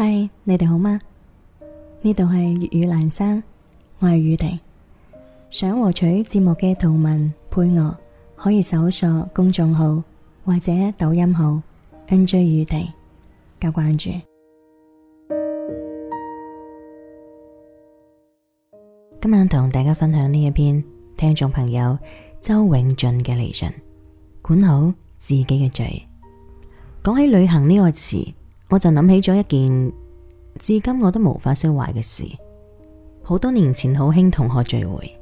嗨，Hi, 你哋好嗎？呢度係粵語蘭生，我係宇婷。想獲取節目嘅圖文配樂，可以搜索公眾號或者抖音號 NJ 宇婷加關注。今晚同大家分享呢一篇聽眾朋友周永進嘅嚟信，管好自己嘅嘴。講起旅行呢個詞，我就諗起咗一件至今我都無法釋懷嘅事。好多年前好興同學聚會，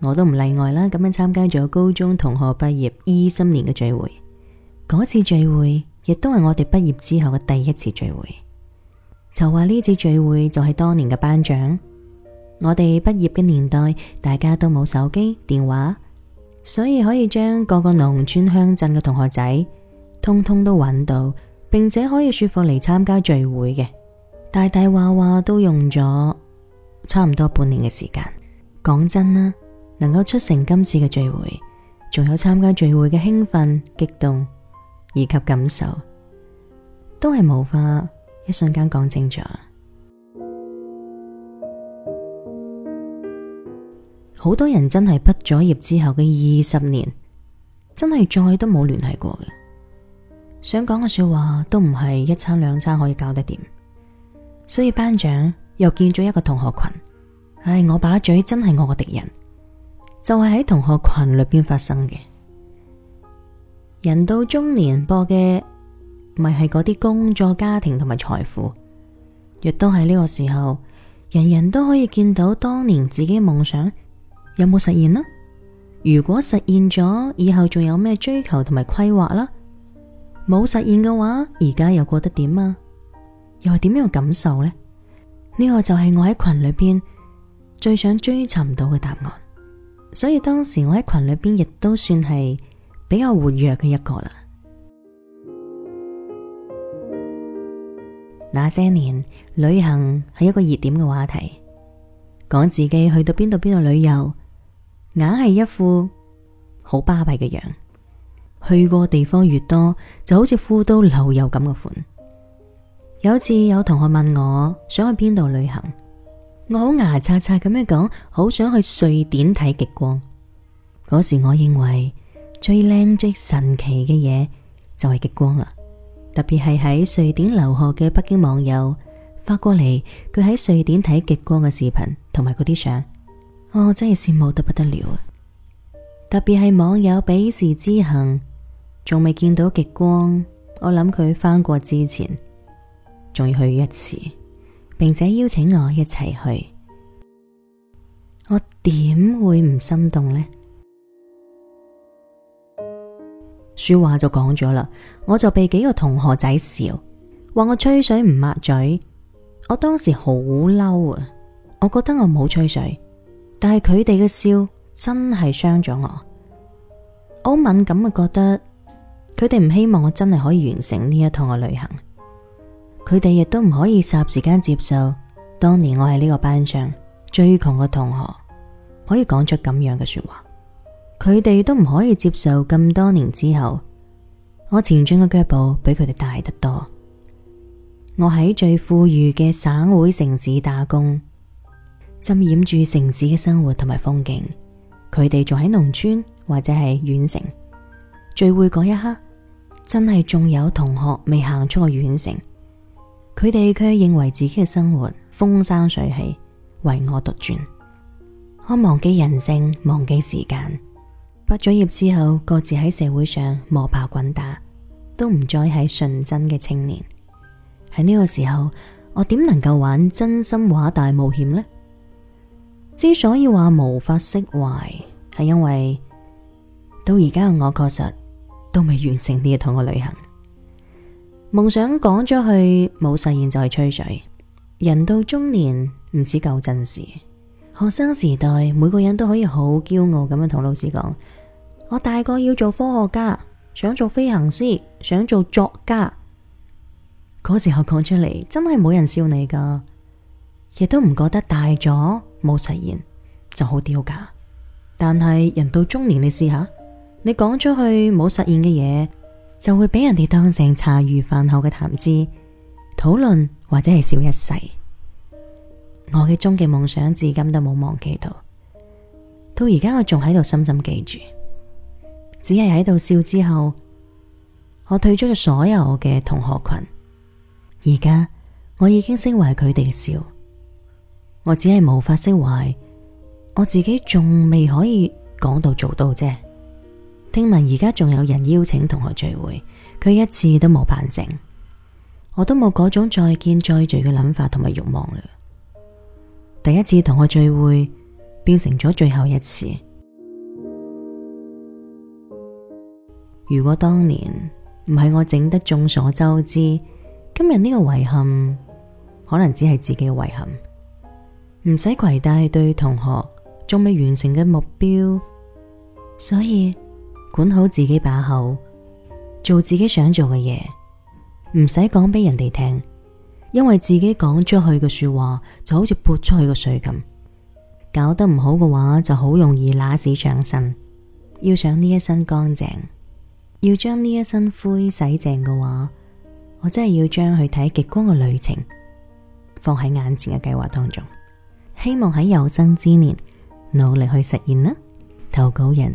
我都唔例外啦。咁樣參加咗高中同學畢業二十年嘅聚會，嗰次聚會亦都係我哋畢業之後嘅第一次聚會。就話呢次聚會就係當年嘅班長。我哋畢業嘅年代，大家都冇手機電話，所以可以將各個農村鄉鎮嘅同學仔通通都揾到。並且可以說服嚟參加聚會嘅，大大話話都用咗差唔多半年嘅時間。講真啦，能夠促成今次嘅聚會，仲有參加聚會嘅興奮、激動以及感受，都係無法一瞬間講清楚。好多人真係畢咗業之後嘅二十年，真係再都冇聯繫過嘅。想講嘅說話都唔係一餐兩餐可以搞得掂，所以班長又建咗一個同學群。唉，我把嘴真係我嘅敵人，就係、是、喺同學群裏邊發生嘅。人到中年播嘅咪係嗰啲工作、家庭同埋財富。亦都喺呢個時候，人人都可以見到當年自己嘅夢想有冇實現呢？如果實現咗，以後仲有咩追求同埋規劃啦？冇實現嘅話，而家又過得點啊？又係點樣感受呢？呢個就係我喺群裏邊最想追尋到嘅答案。所以當時我喺群裏邊亦都算係比較活躍嘅一個啦。那些年旅行係一個熱點嘅話題，講自己去到邊度邊度旅遊，硬係一副好巴閉嘅樣。去過地方越多，就好似富得流油咁嘅款。有次有同學問我想去邊度旅行，我好牙擦擦咁樣講，好想去瑞典睇極光。嗰時我認為最靚最神奇嘅嘢就係極光啦。特別係喺瑞典留學嘅北京網友發過嚟佢喺瑞典睇極光嘅視頻同埋佢啲相，我真係羨慕得不得了啊！特別係網友彼時之行。仲未見到極光，我諗佢返國之前仲要去一次，並且邀請我一齊去，我點會唔心動呢？說話就講咗啦，我就被幾個同學仔笑，話我吹水唔抹嘴，我當時好嬲啊，我覺得我冇吹水，但係佢哋嘅笑真係傷咗我，我敏感嘅覺得。佢哋唔希望我真係可以完成呢一趟嘅旅行。佢哋亦都唔可以霎時間接受當年我係呢個班上最窮嘅同學，可以講出咁樣嘅說話。佢哋都唔可以接受咁多年之後，我前進嘅腳步比佢哋大得多。我喺最富裕嘅省會城市打工，浸染住城市嘅生活同埋風景。佢哋仲喺農村或者係縣城聚會嗰一刻。真係仲有同學未行出個縣城，佢哋卻認為自己嘅生活風生水起，唯我獨尊，我忘記人性，忘記時間。畢咗業之後，各自喺社會上摸爬滾打，都唔再係純真嘅青年。喺呢個時候，我點能夠玩真心話大冒險呢？之所以話無法釋懷，係因為到而家嘅我確實。都未完成呢一趟嘅旅行，夢想講咗去冇實現就係吹水。人到中年唔似舊陣時，學生時代每個人都可以好驕傲咁樣同老師講：我大個要做科學家，想做飛行師，想做作家。嗰時候講出嚟真係冇人笑你噶，亦都唔覺得大咗冇實現就好丟架。但係人到中年，你試下。你講出去冇實現嘅嘢，就會俾人哋當成茶餘飯後嘅談資討論，或者係笑一世。我嘅終極夢想至今都冇忘記到，到而家我仲喺度深深記住，只係喺度笑之後，我退出咗所有嘅同學群。而家我已經釋懷佢哋笑，我只係無法釋懷，我自己仲未可以講到做到啫。聽聞而家仲有人邀請同學聚會，佢一次都冇辦成，我都冇嗰種再見再聚嘅諗法同埋欲望啦。第一次同學聚會變成咗最後一次。如果當年唔係我整得眾所周知，今日呢個遺憾可能只係自己嘅遺憾，唔使攜帶對同學仲未完成嘅目標，所以。管好自己把口，做自己想做嘅嘢，唔使講俾人哋聽，因為自己講出去嘅說話就好似潑出去嘅水咁，搞得唔好嘅話就好容易攞屎上身。要想呢一身乾淨，要將呢一身灰洗淨嘅話，我真係要將去睇極光嘅旅程放喺眼前嘅計劃當中，希望喺有生之年努力去實現啦。投稿人。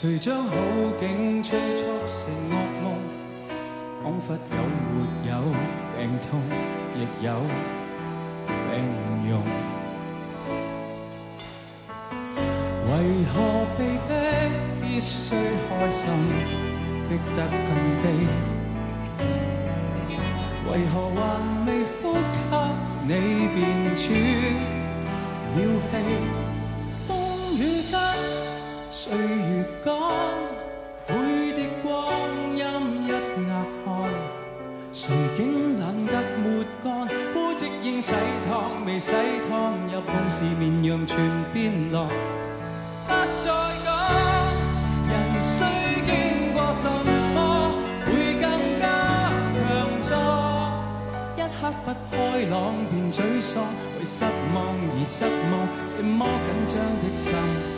誰將好景催促成噩夢？彷彿有沒有病痛，亦有病容。 為何被迫必須開心，逼得更悲？為何還未呼吸，你便喘了氣？風雨間，誰？講，每滴光陰一額汗，誰竟懶得抹乾？污漬應洗燙，未洗燙，入夢時綿羊全變狼。不再講，人須經過什麼會更加強壯？一刻不開朗便沮喪，為失望而失望，這麼緊張的心。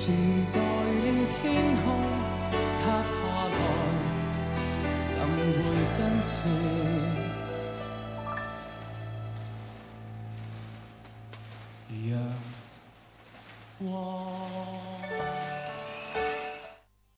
時代令天空塌下來，更會珍惜。